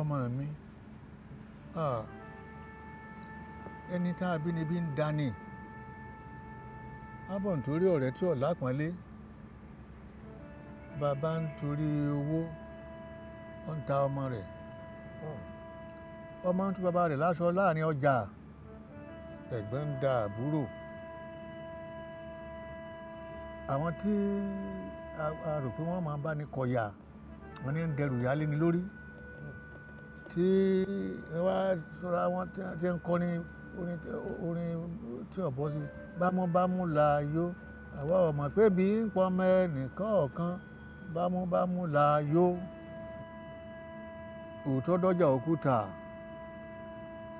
fọmọ mi ah, tá a bí ni bí ń dání abọ̀ nítorí ọ̀rẹ́ tí ọ̀la pọ́nlé bàbá ń torí owó ó ń ta ọmọ rẹ̀ ọmọ ń tú bàbá rẹ̀ láṣọ láàrin ọjà ẹ̀gbọ́n ń da àbúrò àwọn tí a rò pé wọ́n máa bá ní kọ̀yà wọ́n ní ń dẹrù yálé ni tí wá sọ́ra wọn tí ń kọ́ ní orin tí ọ̀bọ sí bámúbámú la yó àwa ọmọ pé bí ń pọnmọ ẹnìkan ọ̀kan bámúbámú la yó òótọ́ dọ́jà òkúta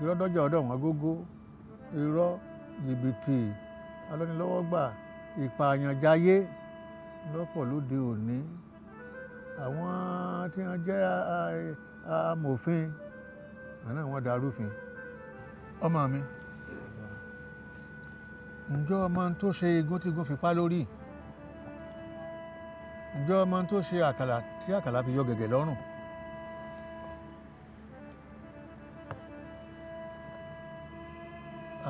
irọ́ dọ́jà ọ̀dọ̀ wọn gógó irọ́ jìbìtì alọ́nilọ́wọ́gbà ìpààyànjáyé lọ́pọ̀ lóde òní àwọn tí wọ́n jẹ́ amòfin àná wọn darúfin ọmọ mi ǹjọ́ ọmọ tó ṣe igun tí igun fi pa lórí ǹjọ́ ọmọ tó ṣe àkàlà tí àkàlà fi yọ gẹ̀gẹ̀ lọ́rùn.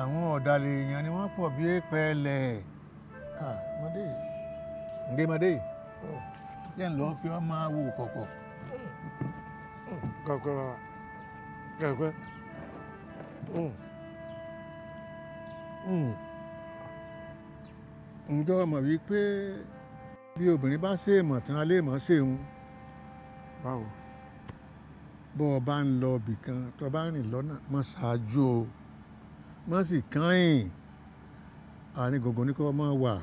àwọn ọ̀dàlẹ̀ èèyàn ni wọ́n pọ̀ bí pẹ́ẹ́lẹ̀ ǹdẹ́mọdé oh. jẹ́ ń lọ́ọ́ fi ọmọ wo kọ̀kọ̀. Go, go, go, go. Mm. Mm. Ǹjọ́ ọmọ wípé bí obìnrin bá ṣe èèmọ̀ tán alẹ́ èèmọ̀ ṣe òun. Báwo? Bọ́ ọ bá ń lọ ibì kan tó bá rìn lọ́nà má ṣáájú o má sì káyìn àárín gbogbo ní kí wọ́n máa wà.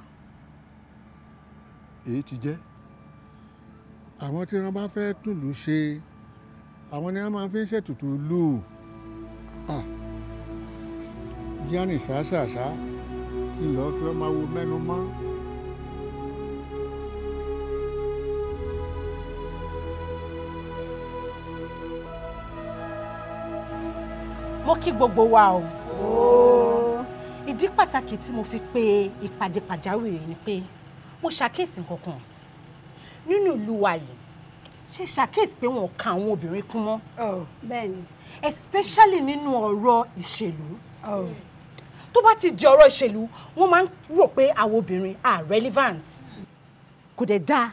Èyí ti jẹ́. Àwọn tí wọ́n bá fẹ́ tùlù ṣe àwọn ni wọ́n máa fi ń ṣètùtù lù ú yánni ṣàṣàṣà kí lọ kí wọ́n máa wo mẹ́nu mọ́. mo kí gbogbo wa o. ìdí pàtàkì tí mo fi pe ìpàdé pàjáwìrì ni pé mo ṣàkíyèsí nǹkan kan nínú ìlú wa yìí ṣe ṣàkíyèsí pé wọn kà àwọn obìnrin kún mọ́. Oh. bẹ́ẹ̀ni. especially nínú ọ̀rọ̀ ìṣèlú. Oh. tó bá ti di ọ̀rọ̀ ìṣèlú wọ́n máa ń rò pé àwọn obìnrin are relevant. kò dẹ̀ dáa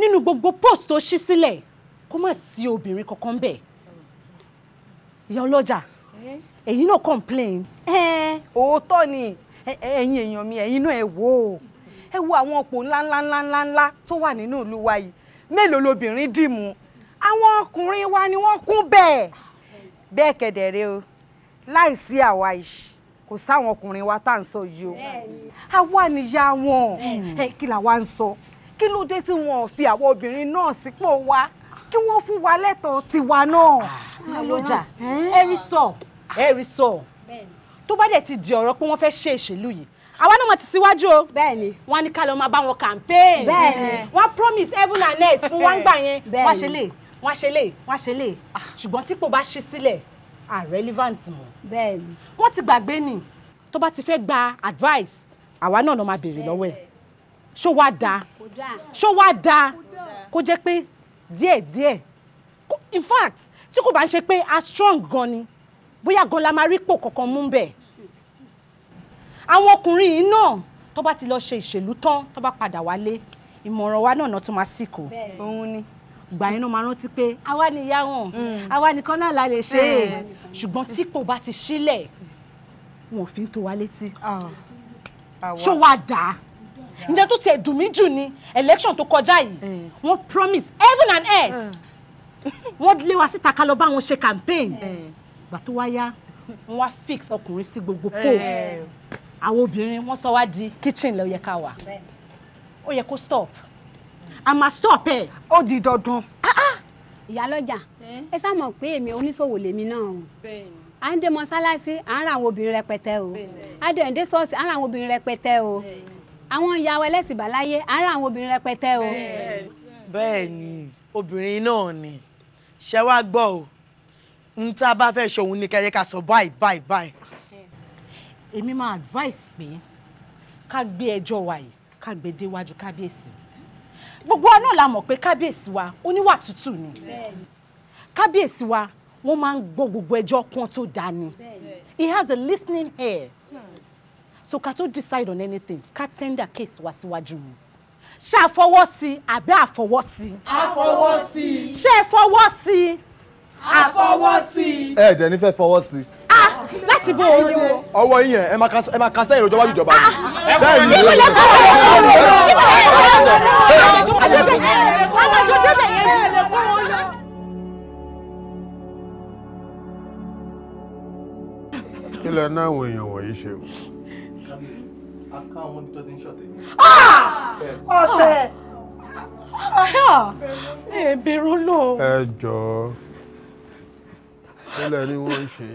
nínú gbogbo post tó ṣí sílẹ̀ kó má sí obìnrin kankan bẹ̀. ìyá ọlọ́jà eh? ẹ̀yin náà complain. Eh, òótọ́ ni ẹ̀yin èèyàn mi ẹ̀yin náà ẹ wò ó ẹ wo àwọn òpó ńláńláńláńlá tó wà nínú ìlú wa yìí mélòó lobìnrin dì mú àwọn ọkùnrin wa ni wọ́n kún bẹ́ẹ̀ bẹ́ẹ̀ kẹ̀dẹ̀rẹ́ o láìsí àwa yìí kò sáwọn ọkùnrin wa tá à ń sọ yìí o àwa nìyá wọn ẹ kí làwa ń sọ kí ló dé tí wọn fi àwọn obìnrin náà sípò wa kí wọ́n fún wa lẹ́tọ̀ọ́ tiwa náà. ọlọ́jà ah, ẹ̀rí sọ ẹ̀rí sọ tó bá dẹ̀ ti di ọ̀rọ̀ pé wọ́n fẹ́ ṣe ìṣèlú yìí àwa náà wọn ti síwájú o. bẹ́ẹ̀ni. wọn ní ká lọ máa bá wọn campaign. bẹ́ẹ̀ni. wọn promise heaven and earth fún wọn gbà yẹn. bẹ́ẹ̀ni wọn ṣe lè wọn ṣe lè wọn ṣe lè ah, ṣùgbọ́n tí kò bá ṣí sílẹ̀ are relevant mọ́. bẹ́ẹ̀ni. wọ́n ti gbàgbé ni tó bá ti fẹ́ gba advice àwa náà lọ máa béèrè lọ́wọ́ ẹ̀ ṣó wá dáa ṣó wá dáa kó jẹ́ pé díẹ̀díẹ̀ in fact tí kò bá ń ṣe pé a strong gan ni bóyá gan la máa rí pò kankan mú bẹ́ẹ̀ àwọn ọkùnrin yìí náà tó bá ti lọ ṣe ìṣèlú tán tó bá padà wálé ìmọ̀ràn wa náà tó máa sì kò òun ni gbà yín náà máa rántí pé àwa ni ìyá wọn mm. àwa nìkan náà la lè ṣe é ṣùgbọ́n tí kò bá ti sílẹ̀ wọn ò fi ń tó wa létí ah, ṣó wá dáa ǹjẹ́ tó tiẹ̀ dùn mí jù ni election tó kọjá yìí mm. wọ́n promise heaven and earth mm. wọ́n lé wa síta ká lọ bá wọn ṣe campaign gbà tó wá wọ́n wá fix ọkùnrin sí gbogbo post àwọn obìnrin wọ́n sọ wá di kitchen ló yẹ ká wà ó yẹ kó stop a máa stop ẹ ó di dandan. Ah, ah. ìyálọ́jà eh? ẹ sá mọ̀ pé èmi oníṣòwò lèmi náà o à ń dé mọ́sálásí à ń ra àwọn obìnrin rẹpẹtẹ o à ń dé ǹdé ṣọ́ọ̀ṣì à ń ra àwọn obìnrin rẹpẹtẹ o àwọn ìyàwó ẹlẹ́sìn bàláyé à ń ra àwọn obìnrin rẹpẹtẹ o. bẹ́ẹ̀ ni obìnrin náà ni ṣé wàá gbọ́ o n tá a bá fẹ́ ṣòun ní kẹ́yẹ́ ká sọ báyìí báyìí báyìí èmi máa advice pé ká gbé ẹjọ́ wa yìí ká gbé déwájú kábíyèsí gbogbo wa náà la mọ̀ pé kábíyèsí wa oníwà tútù ni kábíyèsí wa wọ́n máa ń gbọ́ gbogbo ẹjọ́ kan tó dáa ni he has a listening ear so ká tó decide on anything ká tender case wá síwájú mu ṣe àfọwọ́ sí àbẹ́ àfọwọ́ sí. àfọwọ́ sí. ṣe é fọwọ́ sí àfọwọ́sí. ẹ dẹ̀ nífẹ̀ẹ́ fọwọ́ sí. Ah, láti bó o lò. ọwọ́ yín yẹn ẹ máa kásẹ̀ ìròjọ́ wájú ìjọba mi. Ah, bẹ́ẹ̀ ni ìwé lẹ́kọ̀ọ́ kí lẹ náà àwọn èèyàn wọ̀nyí ṣe o. Ah! ọ̀tẹ̀ ẹ bẹ̀rù lọ. ẹ jọ̀ọ́ tẹ́lẹ̀ ni wọ́n ń ṣe.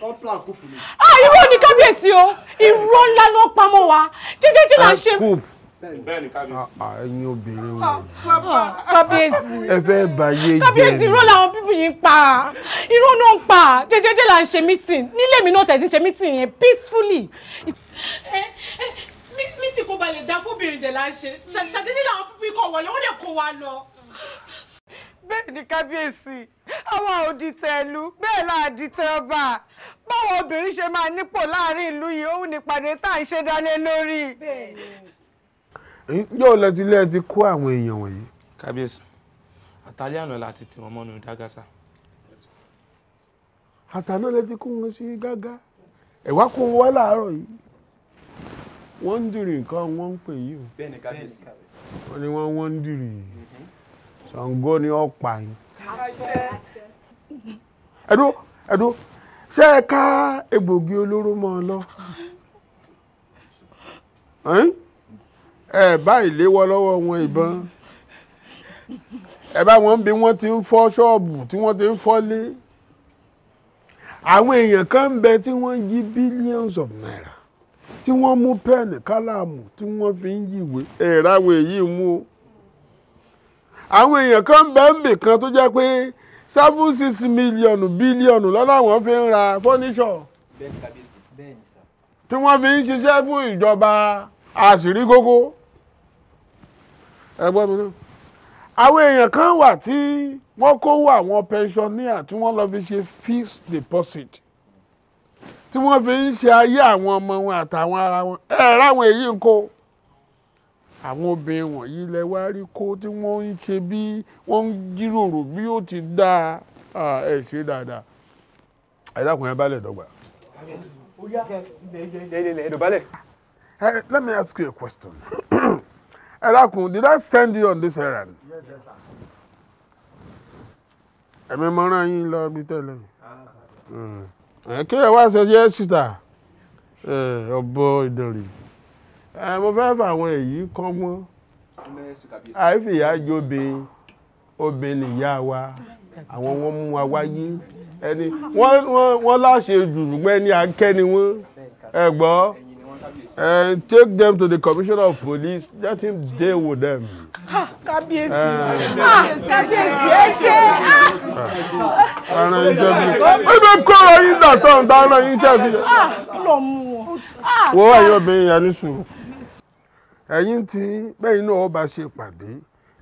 kọ́pìlà kúùpù ni. a ah, irọ́ ni kábíyèsí o irọ́ ńlá ló pamọ́ wa jíjẹ́ jí là ń ṣe. kúùpù bẹ́ẹ̀ni kábíyèsí. Ah, ah, ẹ̀yin obìnrin wo. kábíyèsí. ẹ fẹ́ bàyé jẹ́ ni. kábíyèsí irọ́ làwọn bíbí yìí ń pa irọ́ náà ń pa jẹ́jẹ́jẹ́ là ń ṣe meeting nílé mi náà tẹ̀sí ṣe meeting yẹn peacefully mítì kó ba lè dá fóbìnrin dẹ̀ la ṣe ṣàdédé làwọn pípí kọ̀ wọlé wọ́n lè kó wa lọ bẹ́ẹ̀ ni kábíyèsí àwọn òdìtẹ̀ ìlú bẹ́ẹ̀ là àdìtẹ̀ ọba báwọn obìnrin ṣe máa nípò láàrin ìlú yìí òun nípàdé tá à ń ṣe dálé lórí. yóò lọ ti ẹ ti kó àwọn èèyàn wọ̀nyí. kábíyèsí àtàlẹ́ àná láti tì wọ́n mọ́nu dágásà. àtàná lè ti kó wọn sí gágá ẹ̀wá kó wọn láàárọ̀ yìí wọ́n ń dìrì nǹkan wọ́n ń pè yìí o. bẹ́ẹ̀ ni kábíyèsí. wọ́n ní wọ́n wọ́n ń dìrì yìí. Mhm. Ṣàngó ni ó pa yín. ẹ̀dó ẹ̀dó ṣé ẹ ká egbògi olóró mọ́ ọ lọ. ẹ báyìí léwọ́ lọ́wọ́ wọn ìbọn ẹ bá wọn bí wọ́n ti ń fọ́ ṣọ́ọ̀bù tí wọ́n ti ń fọ́lé àwọn èèyàn kan ń bẹ tí wọ́n billions of naira tí wọ́n mú pẹ́ẹ̀nì kálámù tí wọ́n fi ń yíwèé ẹ̀ráwọ̀ èyí mú o àwọn èèyàn kan bẹ́ẹ̀ ń bì kan tó jẹ́ pé seven six million bílíọ̀nù lọ́nà àwọn fi ń ra fọ́níṣọ̀ tí wọ́n fi ń ṣiṣẹ́ fún ìjọba àṣírí gógó ẹgbọ́n mi náà àwọn èèyàn kan wà tí wọ́n kówó àwọn pensioner tí wọ́n lọ fi ṣe fixed deposit tí wọ́n fi ń ṣe ayé àwọn ọmọ wọn àtàwọn ara wọn ẹ̀ẹ́dáwọn èyí ń kó àwọn obìnrin wọ̀nyí lẹ wá rí kó tí wọ́n ń ṣe bí wọ́n ń jíròrò bí ó ti dá ẹ̀ ṣe dáadáa ẹ yẹn balẹ̀ dọ́gba. let me ask you a question. ẹ did I send you on this errand? Yes, sir. ẹ̀mí mọ́rán yín lọ bí tẹ́lẹ̀ kí ẹ wá ṣe yẹ́ sísà ọ̀bọ ìdọ̀rìn ẹ mo fẹ́ fàwọn èyí kọ́gbọ́n àìfìyà jóbe obìnrin ìyá wa àwọn wọn mú wa wáyé ẹni wọ́n láṣẹ jù ṣùgbọ́n ẹni akẹ́ni wọn ẹ gbọ́ ẹ take them to the commissioner of police let him deal with them. kábíyèsí kábíyèsí ẹ ṣe. ẹran iṣẹ́ mi ẹ bẹ kọ́ ọ yín dàtọ̀ ń dáná yín ṣe fi. wọ́n wà yóò bẹ yín yẹn ní sùúrù ẹ̀yin tí bẹ́yìn náà ọba ṣe pàdé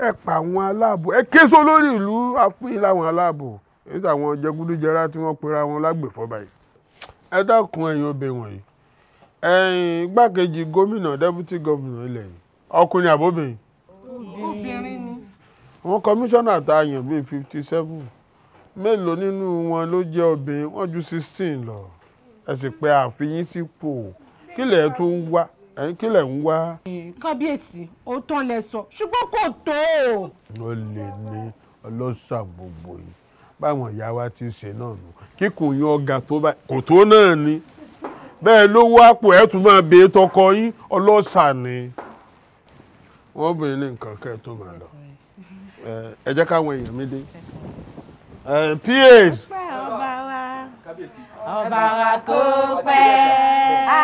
ẹ pa àwọn aláàbò ẹ ké sọ lórí ìlú àfihàn láwọn aláàbò èyí táwọn jẹgúdújẹrá tí wọ́n pera wọn lágbèfọ́ba yìí ẹ dákun ẹ̀yin obè wọ̀nyí ẹ̀yin igbákejì gómìnà dẹ́bútì gómìnà ilẹ̀ yìí ọkùnrin àbóbìnrin obìnrin ni àwọn kọmíṣánná àtàyàn bíi fifty seven mélòó nínú wọn ló jẹ́ obìnrin wọ́n ju sixteen lọ ẹ sì pé àfiyín sípò kílẹ̀ tún wá ẹ̀yin kílẹ̀ ń wá. kábíyèsí ó tán lẹ sọ ṣùgbọ́n kò tó o. ó lè ní ọlọ́sà gbogbo yìí báwọn ìyá wa ti ṣe náà nù kíkùn yín ọ̀gá tó bá kò tó náà ni bẹ́ẹ̀ ló wá pò ẹ́ tún máa bè tọkọ yín ọlọ́sà ni wọ́n bèèrè ní nǹkan kẹ́ tó máa lọ ẹ jẹ́ káwọn èèyàn mi dé. ps. ọba wa kò pẹ́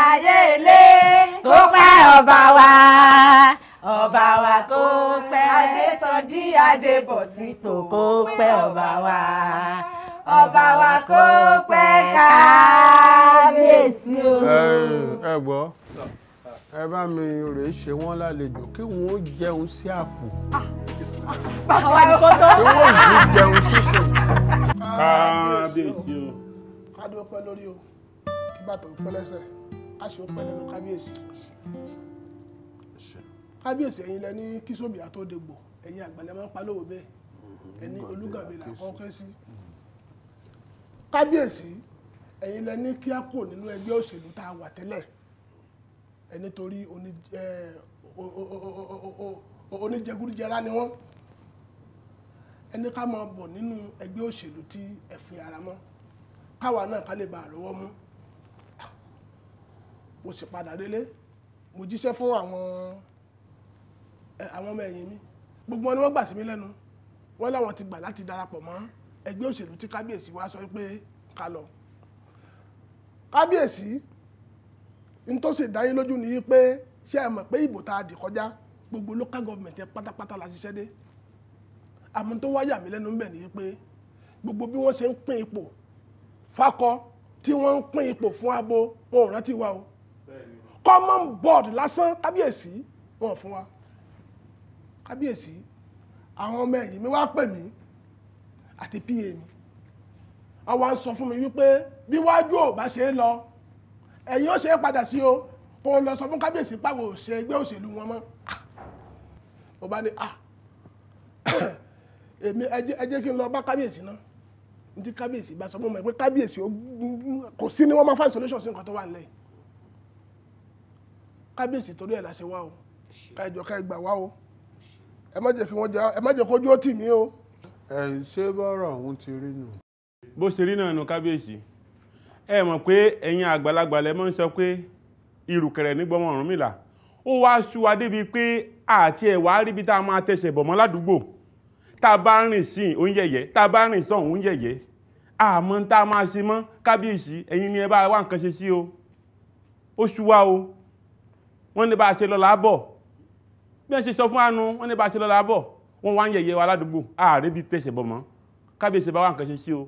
ayé ilé kó pẹ́ ọba wa ọba wa kó pẹ́ adésọjí adébọ̀sípò kó pẹ́ ọba wa ọba wa kó pẹ́ kábíyèsí o. ẹ gbọ́ ẹ bá mi rè é ṣe wọ́n lálejò kí wọ́n ó jẹun sí àpò. báwa ni kò tó. kí wọ́n ò jí jẹun sípò. kábíyèsí o. ká dúró pẹ́ lórí o kí bàtà ó pẹ́ lẹ́sẹ̀ a ṣe ọpẹ́ lẹ́nu kábíyèsí kábíyèsí ẹ̀yin lẹ ní kíṣóbì àtó dégbò ẹ̀yin àgbàlẹ̀ máa ń palówó bẹ́ẹ̀ mm-hmm. ẹni olúgàbí là kọ́kẹ́ sí mm-hmm. kábíyèsí ẹ̀yin lẹ ní kí á kò nínú ẹgbẹ́ òṣèlú tá a wà tẹ́lẹ̀ ẹ nítorí oníjẹgúdújẹrá ni wọ́n ẹni ká máa bọ̀ nínú ẹgbẹ́ òṣèlú tí ẹ̀fìn ara mọ́ káwa náà ká lè bá àrọ́wọ́ mú. Mm -hmm mo sì padà délé mo jíṣẹ́ fún àwọn àwọn ọmọ ẹ̀yìn mi gbogbo wọn ni wọ́n gbà sí mi lẹ́nu wọ́n láwọn ti gbà láti darapọ̀ mọ́ ẹgbẹ́ òṣèlú tí kábíyèsí wá sọ pé ká lọ kábíyèsí n tó sì dáyé lójú ni pé ṣé ẹ mọ̀ pé ìbò tá a dì kọjá gbogbo local government pátápátá la ṣiṣẹ́ dé àmọ́ tó wá yà mí lẹ́nu ńbẹ̀ ni pé gbogbo bí wọ́n ṣe ń pín ipò fakọ tí wọ́n ń pín ipò fún abo wọn ò rántí wa o common board lásán kábíyèsí wọn fún wa kábíyèsí àwọn ọmọ ẹ̀yìn mi wá pè mí àti pa mi àwọn sọ fún mi wípé bí wájú ò bá ṣe é lọ ẹ̀yìn ó ṣe é padà sí o kó o lọ sọ fún kábíyèsí pàwọ̀ òṣè ẹgbẹ́ òṣèlú wọn mọ́ mo bá ní ah èmi ẹ jẹ́ kí n lọ bá kábíyèsí náà ní ti kábíyèsí bá sọ fún mi pé kábíyèsí kò sí ni wọ́n máa find solution sí nǹkan tó wà nílẹ̀ yìí kábíyèsí torí ẹ̀ la ṣe wá o kájọ ká gbà wá o ẹ má jẹ́ kí wọ́n já ẹ má jẹ́ kójú ó tì mí o. ẹ ṣé bọ́rọ̀ ọ̀hún ti rí nù. bó ṣe rí náà nu kábíyèsí ẹ mọ̀ pé ẹ̀yin àgbàlagbà lẹ máa ń sọ pé ìrùkẹ̀rẹ̀ nígbọ́mọ Ọ̀rúnmìlà ó wáá sú wa débi pé àti ẹ̀ wá ríbi tá a máa tẹsẹ̀ bọ̀ mọ́ ládùúgbò tá a bá rìn sí òun yẹ̀yẹ́ tá a bá rìn sọ òun yẹ̀yẹ́ àmọ́ tá a máa ṣe mọ́ kábíyèsí ẹ̀yin ni ẹ bá wá nǹkan ṣe sí o ó sú wa o wọ́n ní bá a ṣe lọ làbọ̀ bí wọ́n ṣe sọ fún àánú wọ́n ní bá a ṣe lọ làbọ̀ wọ́n wá ń yẹ̀yẹ́ wa ládùúgbò ààrẹ bíi tẹ̀sẹ̀ bọ̀ mọ́ kábíyèsí bá wà nǹkan ṣe sí o.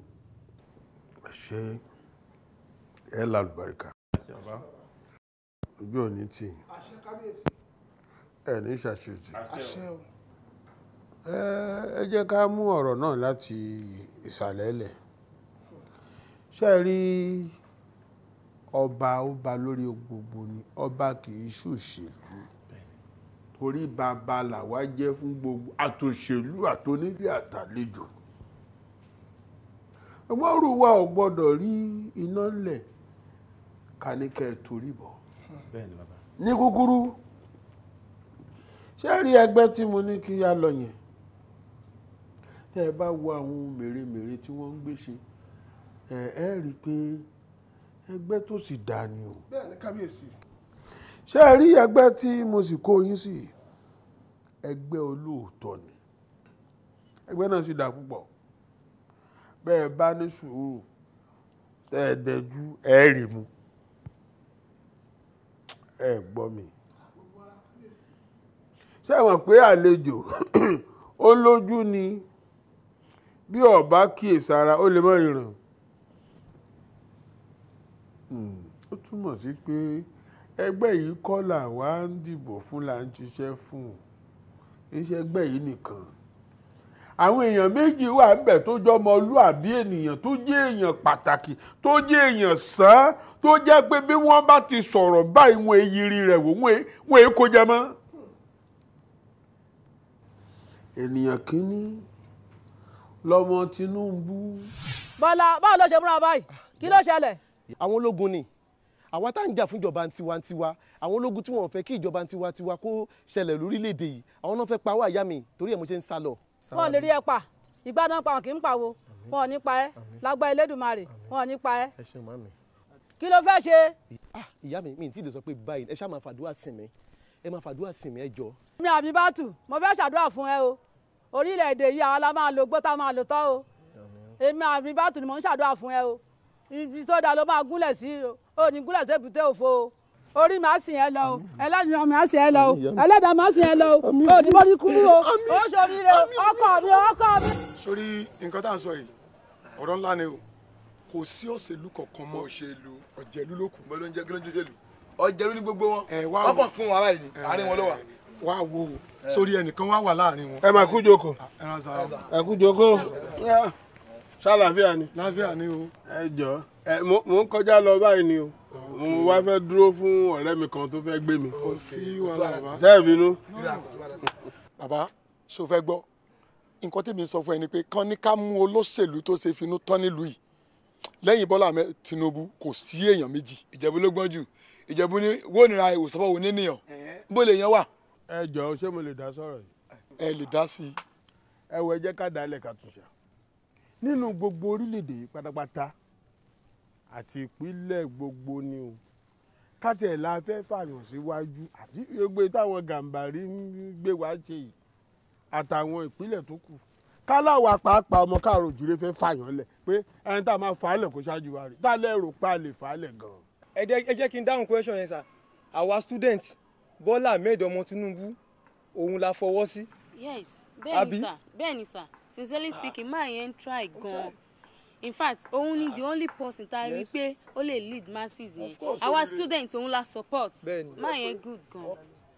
ẹ ṣe ẹ lálùbáríkà ojú òní tì ẹ ní ṣàṣejì ẹ jẹ́ ká mú ọ̀rọ̀ náà láti ìsàlẹ̀ lẹ̀ ṣe rí ọba ọba lórí gbogbo ni ọba kì í ṣòṣèlú torí bàbá làwa jẹ́ fún gbogbo àtòṣèlú àtònílé àtàlejò ọgbọ́rù wa ò gbọ́dọ̀ rí iná lẹ̀ ká ní kẹ́ ẹ torí bọ̀ ní kúkúrú ṣé rí ẹgbẹ́ tí mo ní kí a lọ yẹn tẹ́ ẹ bá wo àwọn mèremère tí wọ́n ń gbé ṣe ẹ ẹ rí i pé ẹgbẹ́ tó sì dáa ni o. bẹ́ẹ̀ ni kábíyèsí. ṣé ẹ rí ẹgbẹ́ tí mo sì kó yín sí ẹgbẹ́ olóòótọ́ ni ẹgbẹ́ náà sì dáa púpọ̀ bẹ́ẹ̀ bá ní sùúrù ẹ̀ẹ́dẹ́jú ẹ̀ẹ́rì mu ẹ gbọ́ mi ṣé ẹ mọ̀ pé àlejò ó lójú ni bí ọba kíyèsára ó lè mọ̀ ríran ó túmọ̀ sí pé ẹgbẹ́ yìí kọ́ là wá ń dìbò fún là ń ṣiṣẹ́ fún iṣẹ́ ẹgbẹ́ yìí nìkan àwọn èèyàn méjì wà níbẹ̀ tó jọ ọmọlúàbí ènìyàn tó jẹ́ èèyàn pàtàkì tó jẹ́ èèyàn sàn tó jẹ́ pé bí wọ́n bá ti sọ̀rọ̀ báyìí wọn èyírí rẹ̀ wò wọ́n èyí kó jẹ mọ́. ènìyàn kínní lọmọ Tinubu. bọ́lá báwo ló ṣe múra báyìí kí ló ṣẹlẹ̀ àwọn ológun ni àwa tá à ń jà fún ìjọba tiwantiwa àwọn ológun tí wọn fẹ́ kí ìjọba tiwantiwa kó ṣẹlẹ̀ lórílẹ̀‐èdè yìí àwọn náà fẹ́ pa wá ìyá mi torí ẹ̀ mo ṣe ń sá lọ. wọn ò lè rí ẹ pa ìgbà náà pa wọn kì í pa wo wọn ò ní pa ẹ lágbá Elédùmarè wọn ò ní pa ẹ. ẹ ṣeun màmí. kí ló fẹ́ ṣe. Ah, ìyá mi mi ì tí ì lè sọ pé báyìí ẹ ṣáà máa fàdúrà sìn mi ẹ máa fàdúrà sìn mi ẹ jọ. mi àmì bá tù mo fẹ́ ṣàdúrà fún ẹ o orílẹ̀ yìí àwa la máa lo gbọ́ta ibi sọ́dà ló máa gúnlẹ̀ sí o ò ní gúnlẹ̀ sí èbúté òfo o orí màá sìn ẹ lọ o ẹlẹ́dàá màá sìn ẹ lọ o ẹlẹ́dàá màá sìn ẹ lọ o o ní mo ní kú o o sori re ọkọ mi ọkọ mi. sórí nǹkan tá à ń sọ yìí ọ̀rọ̀ ńlá ni o kò sí òṣèlú kankan mọ́ òṣèlú ọ̀jẹ̀lú ló kù. mẹ́lẹ́ oúnjẹ kílódé jẹ́lu ọ̀jẹ̀lú ní gbogbo wọn ọkàn kún wọn báyìí ni àárín wọn ló wà. wá wo sórí ẹnìkan wá wà láàrin wọn. ẹ máa kú jókòó ẹ kú jókòó ṣàlàfíà ni. láfíà ni o. ẹ jọ ẹ mo ń kọjá lọ báyìí ni o mo wá fẹ́ dúró fún ọ̀rẹ́ mi kan tó fẹ́ gbé mi. kò sí wàhálà bàbá. sẹ́ẹ̀ bínú. bàbá ṣo fẹ́ gbọ́ nǹkan tèmi sọ fún ẹ ni pé kán ní ká mú olóṣèlú tó ṣe finú tán nílùú yìí lẹ́yìn bọ́lá ahmed tinubu kò sí èèyàn méjì. ìjẹ̀bú ló gbọ́n jù ìjẹ̀bú ni wọ́n nira ìwòsàn fọwọ́ oníníyàn bó lè yan wà. ẹ jọ̀ọ́ ṣé mo lè dá sọ̀rọ̀ yìí. ẹ lè dá sí i. ẹ wọ ẹ jẹ́ ká dálẹ̀ ká túṣà nínú gbogbo orílẹ̀-èdè pátápátá àti ìpínlẹ̀ gbogbo ni o kátẹ̀ la fẹ́ fàyàn síwájú àti gbogbo táwọn gàǹbàrí ń gbé wá ṣe yìí àtàwọn ìpínlẹ̀ tó kù káláwa pàápàá ọmọ káàrọ̀ òjúre fẹ́ fàyàn lẹ̀ pé ẹni tá a máa fà á lẹ̀ kó ṣáájú wa rè tá a lẹ́rù pa lè fà á lẹ̀ gan ẹ jẹ́ kí n dáhùn question yẹn sà àwa student Bọ́lá Ahmed Tinubu òun la fọwọ́ sí. yes bẹ́ẹ̀ ni sà bẹ́ẹ̀ sincerely ah. speaking máa yẹn ń try gan in fact òun ni the ah. only person tá a rí pé ó lè lead masses yẹn Our students, òun la support máa yẹn good gan.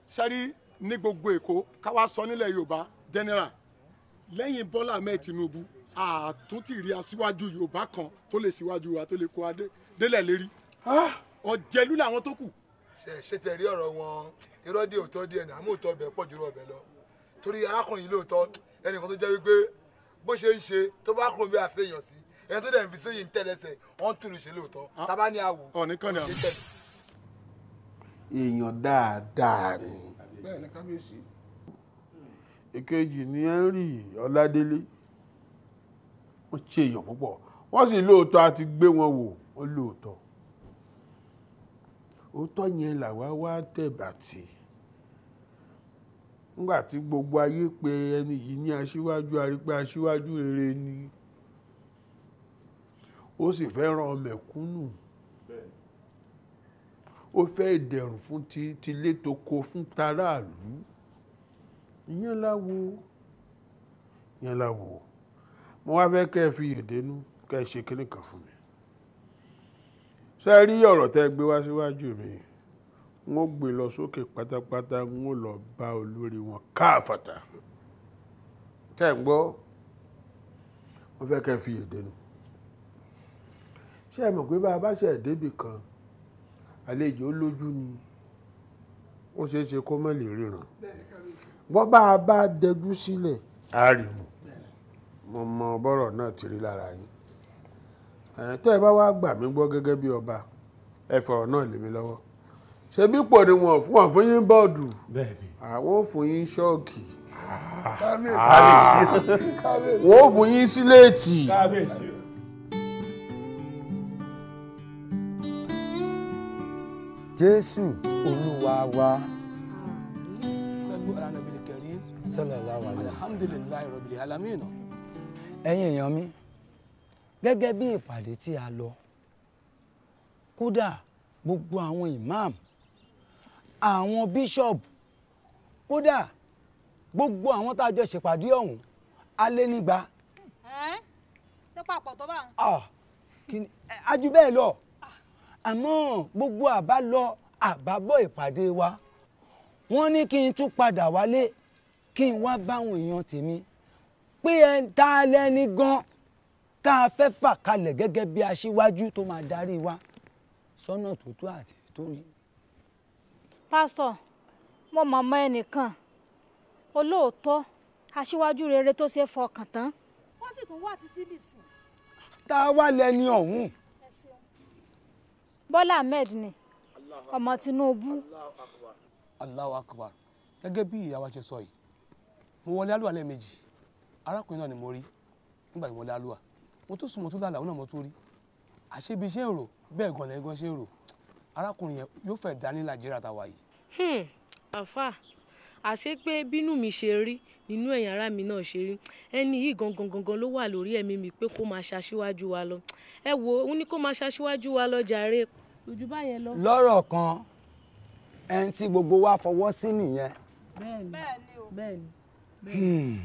sari ní gbogbo èkó káwa sọ nílẹ̀ yorùbá general lẹ́yìn bọ́lá ahmed tinubu àtúntì rí aṣíwájú yorùbá kan tó lè ṣíwájú wa tó lè kó adé délẹ̀ lérí ah. ọ̀jẹ̀lú làwọn tó kù. ṣe tẹ̀ rí ọ̀rọ̀ wọn irọ́ díẹ̀ òótọ́ díẹ̀ ní àmọ́ òótọ́ bẹ̀ pọ̀ jù rọ̀ bẹ̀ lọ torí arákùnrin yìí lóòótọ́ ẹnìkan tó jẹ́ wípé bó ṣe ń ṣe tó bá kúrò bí àfihàn sí ẹni tó dẹ̀ ń fi sóyìn tẹ́lẹsẹ̀ wọ́n túrú ṣe lóòótọ́ ah. tábà ní àwò kò ṣe tẹ̀lé. èèyàn dáadáa ni èkejì ni henry ọládélé ó ṣe èèyàn púpọ̀ wọ́n sì lóòótọ́ a ti gbé wọn wò ó lóòótọ́ òótọ́ yẹn làwa wá tẹ̀bàtì ńgbà tí gbogbo ayé pe ẹni yìí ní aṣíwájú a rí pé aṣíwájú rere ni ó sì fẹ́ràn mẹ̀kúnnù ó fẹ́ ìdẹ̀rùn fún ti tilé toko fún taráàlú ìyẹn láwo ìyẹn láwo mo wá fẹ́ kẹ́ ẹ fi yèdénú kẹ́ ẹ ṣe kíní kan fún mi ṣe rí ọ̀rọ̀ tẹ́ gbé wá síwájú mi. Si n ó gbé lọ sókè pátápátá n ó lọ bá olórí wọn káàfàtà tẹ́ ẹ̀ ń gbọ́ wọ́n fẹ́ kẹ́ fi èdè nù ṣé ẹ mọ̀ pé bá a bá ṣe ẹ̀dẹ́bì kan àlejò lójú ni ó ṣeé ṣe kó má lè ríran bọ́ bá a bá dẹjú sílẹ̀ á rí mu mo mọ bọ́rọ̀ náà ti rí lára yín tẹ́ ẹ bá wá gbà mí gbọ́ gẹ́gẹ́ bí ọba ẹ fọ̀rọ̀ náà lé mi lọ́wọ́ ṣe bí pọ̀ ni wọ́n fún wọn fún yín bọ́ọ̀dù àwọn ò fún yín ṣọ́ọ̀kì wọ́n ò fún yín síléètì. jésù olúwa wa. sẹ́gun alanabi kẹrin alhamdulilayi rọ̀bìlì alamina. ẹ̀yin èèyàn mi gẹ́gẹ́ bí ìpàdé tí a lọ kódà gbogbo àwọn ìmáàmù àwọn bíṣọ̀bù kódà gbogbo àwọn tá a jọ ṣèpàdé ọ̀hún alẹ́ nígbà. ṣé pàpọ̀ tó bá wọn. ajú bẹ́ẹ̀ lọ àmọ́ gbogbo àbá lọ àbábọ̀ ìpàdé wa wọ́n ní kí n tún padà wálé kí n wá báwọn èèyàn tèmi pé ẹ ta lẹ́ni gan-an tá a fẹ́ fà kalẹ̀ gẹ́gẹ́ bí aṣíwájú tó máa darí wa sọ́nà tó tó àti tó rí pásítọ̀ mo mọ̀mọ́ ẹnìkan olóòótọ́ aṣíwájú rere tó ṣe fọkàn tán. wọ́n sì tún wà títí nìsín. tá a wá lẹni ọ̀hún. bọ́lá ahmed ni ọmọ tinubu. Allahu akbar gẹ́gẹ́ bí ìyá wa ṣe sọ yìí mo wọlé alúwa lẹ́ẹ̀mejì arákùnrin náà ni mo rí nígbà ìwọlé alúwa mo tún sùn mo tún lálàá òun náà mo tún rí àṣebi ṣe ń bẹ́ẹ̀ gan-an lẹ́yìn gan ṣe arákùnrin yẹn yóò fẹ́ dá ní nàìjíríà tá a wà yìí. Hmm, àfà àṣé pé bínú mi ṣe rí nínú ẹ̀yìn ara mi náà ṣe rí ẹni yìí gangan gangan ló wà lórí ẹ̀mí mi pé kó máa ṣaṣíwájú wa lọ ẹ wo ó ní kó máa ṣaṣíwájú wa lọ jàre ojú báyẹn lọ. lọ́rọ̀ kan ẹni tí gbogbo wa fọwọ́ sí nìyẹn. bẹ́ẹ̀ni o bẹ́ẹ̀ni hmm.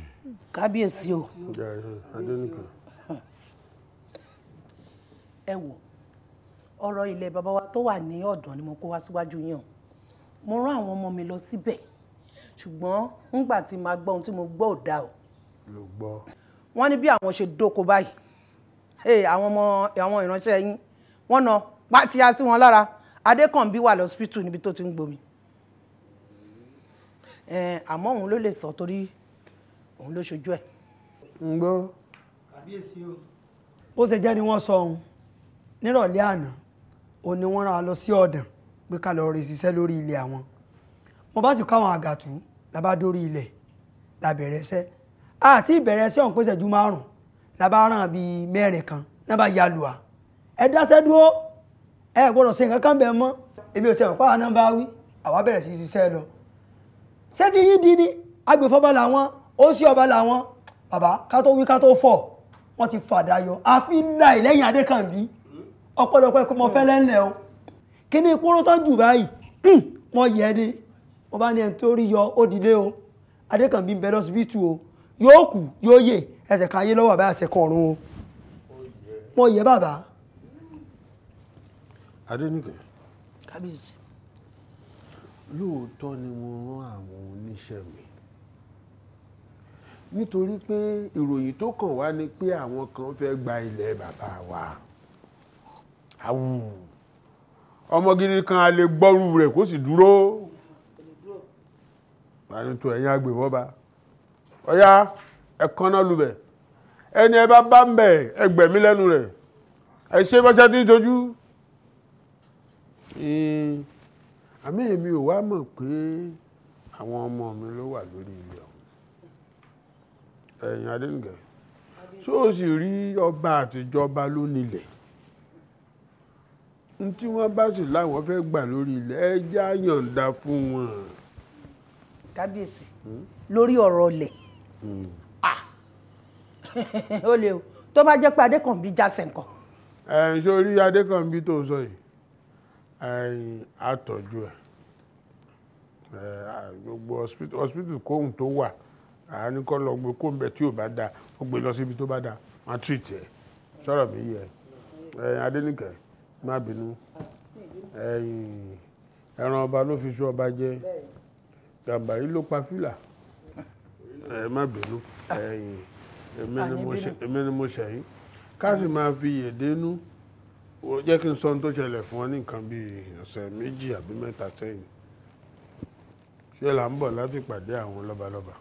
kábíyèsí o ẹ wò ọ̀rọ̀ ilẹ̀ bàbá wa tó wà ní ọ̀dàn ni mo kó wá síwájú yàn mo rán àwọn ọmọ mi lọ síbẹ̀ ṣùgbọ́n ńgbà tí màá gbọ́ ohun tí mo gbọ́ ò dáa o. ló gbọ́. wọ́n ní bí àwọn ṣe dóko báyìí àwọn ọmọ àwọn ìránṣẹ́ yín wọ́n na pátíá sí wọn lára adékànbí wà lọ́sípítù níbi tó ti ń gbomi àmọ́ òun ló lè sọ torí òun ló ṣojú ẹ̀. ń gbọ́. kàbíyèsí o. ó ṣe jẹ́ ni wọ́n sọ ohun nírọ̀lẹ́ àná òun ni wọ́n rán a lọ sí ọ̀dàn pé ká lọ́ọ́ rè ṣiṣẹ́ lórí ilẹ̀ àwọn mo bá sì káwọn àgàtú la bá dórí ilẹ̀ la bẹ̀rẹ̀ iṣẹ́ àti ìbẹ̀rẹ̀ iṣẹ́ ọ̀hún pèsè ju márùn la bá ràn bíi mẹ́rin kan náà bá yalù à ẹ dáṣẹ́ dúró ẹ gbọ́dọ̀ ṣe nǹkan kan bẹ̀ mọ́ èmi ò tẹ̀ wọ́n pààrọ̀ náà bá wí àwa bẹ̀rẹ̀ sí ṣiṣẹ́ lọ ṣé ti yín di ni agbèfọ́ba làwọn ó sì ọba làwọn bàbá ká tó wí ká tó fọ̀ wọ́n ti fàdá yọ àfi láì lẹ́yìn adé kan bíi ọ̀pọ̀lọpọ̀ ẹ̀kọ́ mọ fẹ́lẹ́ ńlẹ̀ o kí ni ìpóró tó jù báyìí mọ hmm, yẹ ni mo bá ní ẹni tó rí yọ ó dilé o adékànbí ń bẹ lọ́sibítù o yóò kù yóò yè ẹsẹ̀ kan ayé lọ́wọ́ àbá ẹsẹ̀ kan ọ̀run o mọ yẹ bàbá. adénìkẹ́ kábíyèsí. lóòótọ́ ni mo rán àwọn oníṣẹ́ mi nítorí pé ìròyìn tó kàn wá ni pé àwọn kan fẹ́ gba ilẹ̀ bàbá wa awù ọmọ gidi kan a lè gbọ́rù rẹ̀ kó sì dúró àyùntò ẹ̀yìn agbèbọ́ba ọ̀yá ẹ̀kánná lubẹ̀ ẹni ẹ bá bá ń bẹ̀ ẹgbẹ̀mí lẹ́nu rẹ̀ ẹ ṣe bọ́sẹ̀ tí ń tojú. àmì èmi ò wá mọ̀ pé àwọn ọmọ mi ló wà lórí ilé ọ̀hún ẹ̀yìn adéǹgẹ̀ ṣó o sì rí ọba àtijọba lónìí lẹ̀ n tí wọ́n bá sì láwọn fẹ́ gbà lórí ilẹ̀ ẹ já yọ̀ǹda fún wọn. kábíyèsí lórí ọ̀rọ̀ ilẹ̀ hmm. ó lè o tó bá jẹ́ pé adékànbí jáse nǹkan. ẹ sórí adékànbí tó sọ yìí àtọ́jú ẹ̀ gbogbo hospital kóhùn tó wà àní kọ́ lọ gbé kóhùn bẹ́ẹ̀ tí ò bá dáa ó gbé lọ síbi tó bá dáa wọ́n á treat ẹ̀ sọ̀rọ̀ mi yẹ ẹ̀ adénìkẹ́ má bínú ẹran ọba ló fi ṣú ọba jẹ gàmbá yìí ló pa fìlà ẹ má bínú èmi ni mo ṣẹ̀yìn ká sì máa fi yèdénú jẹ́ kí n sọ ohun tó ṣẹlẹ̀ fún ọ ní nǹkan bíi ọ̀sẹ̀ méjì àbí mẹ́ta sẹ́yìn ṣé là ń bọ̀ láti pàdé àwọn lọ́balọ́ba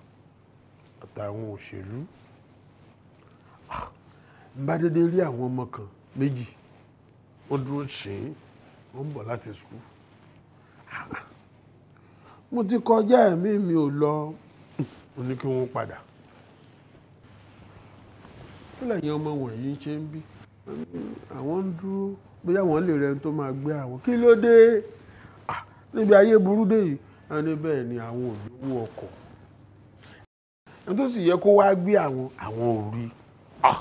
àtàwọn òṣèlú ah, bá dédé rí àwọn ọmọ kan méjì ó dúró ṣe é ó ń bọ̀ láti sùkú ah, mo ti kọjá ẹ̀mí mi ò lọ ó ní kí wọ́n padà kí lẹ́yìn ọmọ wọ̀nyí ṣe ń bí àwọn ń dúró bóyá wọ́n lè rẹ́ni tó máa gbé àwọn kí ló dé ah, níbi ayé burú dé yìí ẹni bẹ́ẹ̀ ni àwọn ò lówó ọkọ̀ ẹni tó sì yẹ kó wá gbé àwọn àwọn ò rí ah,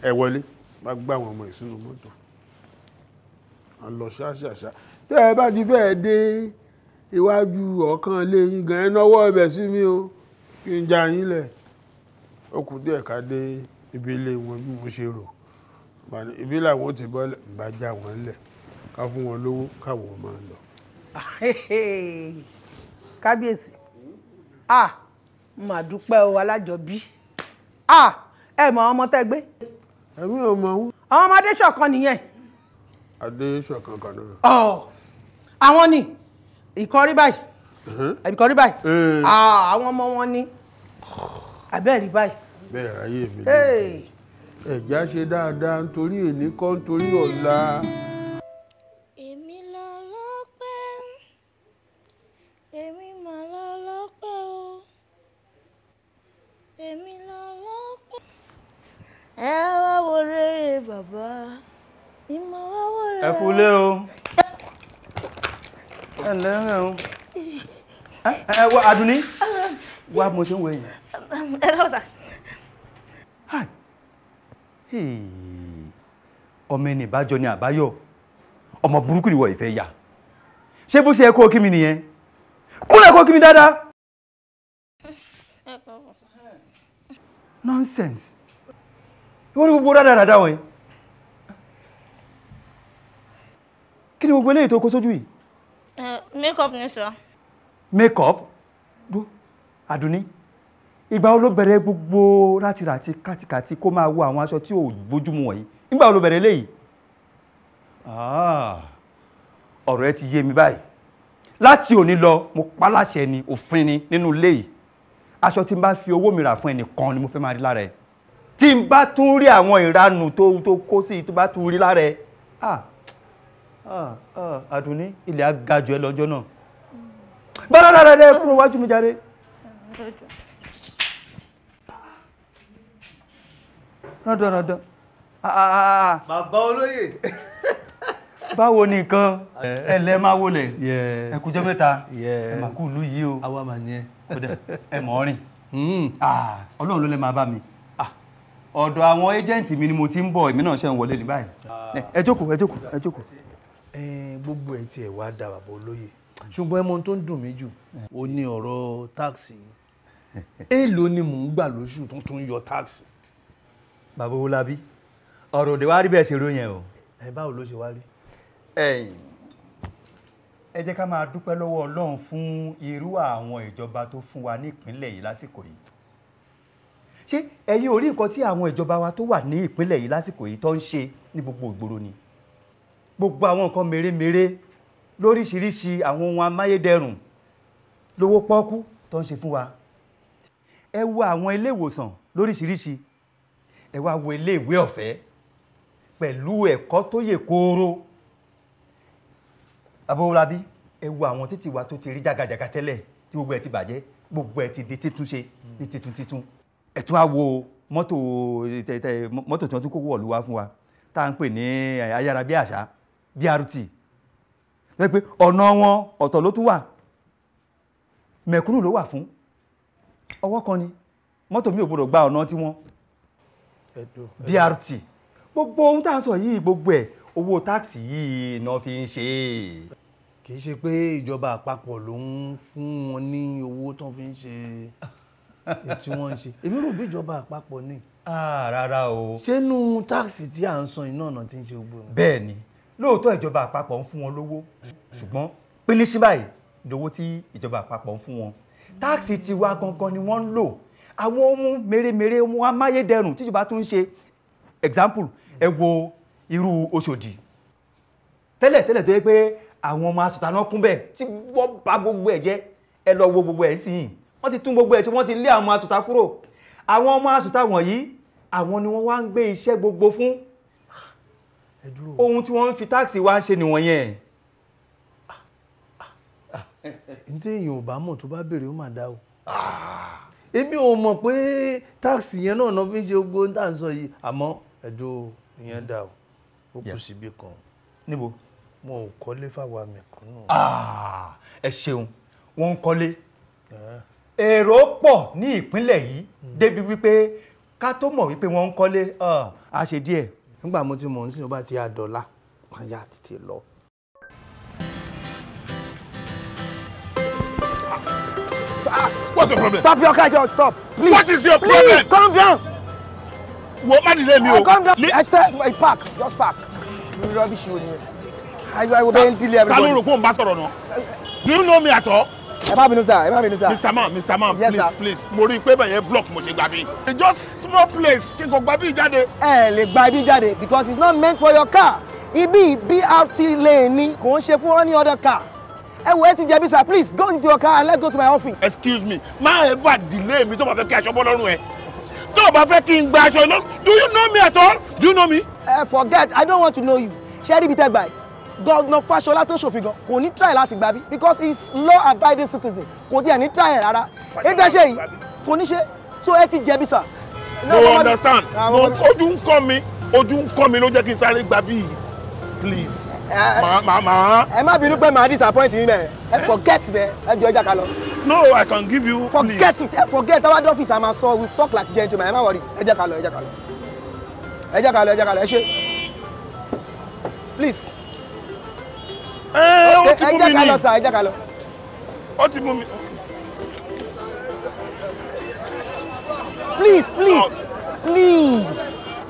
ẹ wọlé bá gbá àwọn ọmọ ẹ̀ sínú mọ́tò à ń lọ ṣáṣàṣá tẹ́ ẹ bá ti fẹ́ẹ́ dé iwájú ọ̀kan lé yín gan ẹ náwó ẹ̀bẹ̀ sí mi o kí n já yín lẹ̀ ó kù díẹ̀ ká dé ibi ilé wọn bí mo ṣe rò ibi làwọn ti bọ́ bá já wọn lẹ̀ ká fún wọn lówó káwọn máa lọ. Ah, kábíyèsí a ah, mà dúpẹ́ o alájọbí a ah, ẹ mọ ọmọ tẹ́gbẹ́ èmi ò mọ̀ wọ́n. àwọn ọmọ adéṣọ̀kan nìyẹn. adéṣọ̀kan kan náà. ọ àwọn ni ìkọrí báyìí ìkọrí báyìí àwọn ọmọ wọn ni abẹ́ẹ̀rí báyìí. bẹ́ẹ̀ ayé mi lè ẹ̀já ṣe dáadáa nítorí èní kan nítorí ọ̀la. ẹ kú lé o ẹ lẹ́ rẹ̀ o ẹ wá Adùnní wá mo ṣe ń wẹ̀ yìí. ẹ lọ́wọ́ sà. ọmọ ẹni ìbájọ ni àbáyọ ọmọ burúkú ni wọ́n ìfẹ́ yà ṣé bó ṣe ẹ kó kí mi nìyẹn kúnlẹ̀ kó kí mi dáadáa. nonsense ìwọ ni gbogbo dáadáa dáadáa wọ̀nyí. kí ni gbogbo eléyìí tó kó sójú yìí. make up ni sọ. make up dú àdùnní ìgbà wo ló bẹ̀rẹ̀ gbogbo rátìràtì kàtìkàtì kó máa wo àwọn aṣọ tí ò bójúmu wọ̀nyí nígbà wo eléyìí. Ah, ọ̀rọ̀ ẹ ti yé mi báyìí láti òní lọ mo paláṣẹ ni òfin ni nínú ilé yìí aṣọ tí n bá fi owó mi rà fún ẹnìkan ni mo fẹ́ máa rí lára ẹ tí n bá tún rí àwọn ìranù tó kó sí tó bá tún rí lára ẹ ah, àdùnní ah, ah, ilẹ̀ agajù ẹ lọ́jọ́ náà bára rárá rẹ kúrò wájú mi jáde. rọ́dọ̀ rọ́dọ̀. Ah, bàbá olóyè. báwo ni nǹkan eh. ẹ lẹ máa wọlé ẹ kújọ mẹ́ta ẹ máa kú ìlú yìí o àwa máa ní ẹ ẹ mọ̀ ọ́ rìn hmm. ọlọ́run ló lè máa bá mi ọ̀dọ̀ àwọn ẹjẹ́ǹtì mi ni mo ti ń bọ̀ èmi náà ṣe ń wọlé ní báyìí ẹ jókòó ẹ jókòó ẹ jókòó gbogbo ẹ̀ tiẹ̀ wá da bàbá olóyè ṣùgbọ́n ẹ mọ tó ń dùn mí jù ó ní ọ̀rọ̀ táàsì èèlò ni mò ń gbà lóṣù tó tún yọ táàsì. bàbá Owólabí ọ̀rọ̀ òde wa rí bẹ́ẹ̀ ṣe ró yẹn o. ẹ báwo ló ṣe wá rí. ẹ jẹ́ ká máa dúpẹ́ lọ́wọ́ Ọlọ́run fún irú àwọn ìjọba tó fún wa nípínlẹ̀ yìí lásìkò yìí ṣé ẹ̀yin ò rí nǹkan tí àwọn ìjọba wa tó wà ní ìpínlẹ̀ yìí lásìkò yìí tó ń ṣe ní gbogbo ìgboro ni gbogbo àwọn nǹkan mèremère lóríṣiríṣi àwọn ohun amáyédẹrùn lówó pọ́kú tó ń ṣe fún wa ẹ wo àwọn ilé ìwòsàn lóríṣiríṣi ẹ wá wo ilé ìwé ọ̀fẹ́ pẹ̀lú ẹ̀kọ́ tó yè kooro abowolabi ẹ wo àwọn títì wa tó ti rí jàgàjàgà tẹ́lẹ̀ tí gbogbo ẹ ti bàjẹ́ gbogbo ẹ ti di títúnṣe ní títun títun ẹ tún á wo mọ́tò mọ́tò tí wọ́n tún kó wọ̀lú wá fún wa tá à ń pè ní ayárabíàṣá BRT ẹ pé ọ̀nà wọn ọ̀tọ̀ ló tún wà mẹ̀kúnnù ló wà fún ọwọ́ kan ni mọ́tò mi ò gbọdọ̀ gba ọ̀nà tiwọn BRT gbogbo ohun tá à ń sọ yìí gbogbo ẹ̀ owó táàkì yìí náà fi ń ṣe é kì í ṣe pé ìjọba àpapọ̀ ló ń fún wọn ní owó tó fi ń ṣe tí wọ́n ń ṣe èmi rò bí ìjọba àpapọ̀ ni. Ah, rárá o. ṣé nú táàsì tí à ń san iná ọ̀nà tí ń ṣe gbogbo. bẹ́ẹ̀ lóòótọ́ ìjọba àpapọ̀ ń fún wọn lówó ṣùgbọ́n pínín sí báyìí lówó tí ìjọba àpapọ̀ ń fún wọn táàsì tiwa gangan ni wọ́n ń lò àwọn ohun mèremère ohun amáyédẹrùn tíjọba tún ń ṣe example ẹ wo irú Ọ̀ṣọ́dì tẹ́lẹ̀ tẹ́lẹ̀ tó yẹ pé àwọn ọmọ asùtàná kún bẹ́ẹ̀ tí wọ́n bá gbogbo ẹ̀ jẹ́ ẹ lọ wo gbogbo ẹ̀ sí yìí wọ́n ti tún gbogbo ẹ̀ tí wọ́n ti lé àwọn asùtà kúrò àwọn ọmọ asùtà wọ̀nyí àwọn ni wọ́n wá ń gbé iṣẹ́ gbogbo fún ohun tí wọ́n ń fi táàsì wá ń ṣe nìwọ̀n yẹn. n tí èèyàn ò bá mọ̀ tó bá béèrè ó mà dá o. Ah. èmi ò mọ̀ pé táàsì yẹn náà náà fi ń ṣe gbogbo ń tà ń sọ yìí àmọ́ ẹ̀dọ́ ìyẹn dà o ó kù síbi kan. níbo. mo ò kọ́lé fáwa mẹ̀kúnnù. Ah, ẹ ṣeun wọ́n ń kọ́lé èrò pọ̀ ní ìpínlẹ̀ yìí hmm. débi wípé ká tó mọ̀ wípé wọ́n ń kọ́lé ah, a ṣe díẹ̀ nígbà mo ti mọ̀ ní sìn ó bá ti yá dọ́là tètè lọ. Ah, what's your problem? Stop your car, George. Stop. Please. What is your problem? Please, calm down. Wo má dìde mi o. Oh, calm down. Le Except my park. Just park. You rubbish you ni. I will be in delay everybody. Ta ló rò pé òun bá sọ̀rọ̀ náà? Do you know me at all? ẹ má bínú sir ẹ má bínú sir. mr man mr man yes, please sir. please mo rí i pé bẹ̀yẹ block mo ṣe gbà bí. just small place kí n kò gba bí jáde. ẹ lè gba ibi jáde because it's not meant for your car ibi BRT lane ni kò ń ṣe fún any other car ẹ wò ẹ ti jẹ̀bi sir please go into your car and let's go to my office. excuse me má ever delay mi tó bá fẹ́ kí aṣọ bọ́ lọ́rùn ẹ tó o bá fẹ́ kí n gba aṣọ lọ́rùn do you know me at all do you know me. Uh, forget i don't want to know you ṣé ẹ rí ibi tẹ́ gbà yìí gọ́ọ̀nà Fáṣọlá tó ṣòfin gan kò ní try láti gbà bí because he law abiding citizen kò tí ẹ̀ try ẹ̀ rárá ẹgbẹ́ ṣe yìí kò ní ṣe so ẹ ti jẹ̀bi sà. No, understand mo ah, ojú ń kọ́ mi ojú ń kọ́ mi ló jẹ́ kí n sáré gbà bí please eh, eh, màá. ẹ má bínú pé màá disappoint yín bẹ́ẹ̀ ẹ forget bẹ́ẹ̀ ẹ jọ ẹja ká no i can give you forget please. forget it forget our office àmà sọ we talk like gentleman ẹ má worry ẹ jẹ́ ká lọ ẹ jẹ́ ká lọ ẹ jẹ́ ká ẹ jẹ́ ká ẹ ṣe please ẹ ó ti mú mi ní ẹ jẹ́ please please please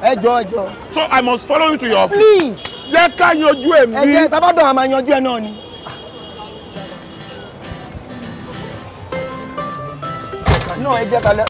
ẹ jọ ẹ jọ. so i must follow you to your office. please. jẹ́ ká yanjú ẹ̀ mi. ẹ jẹ́ tábàdàn àmà yanjú ẹ náà ni. Ah. No, ẹ jẹ́ ká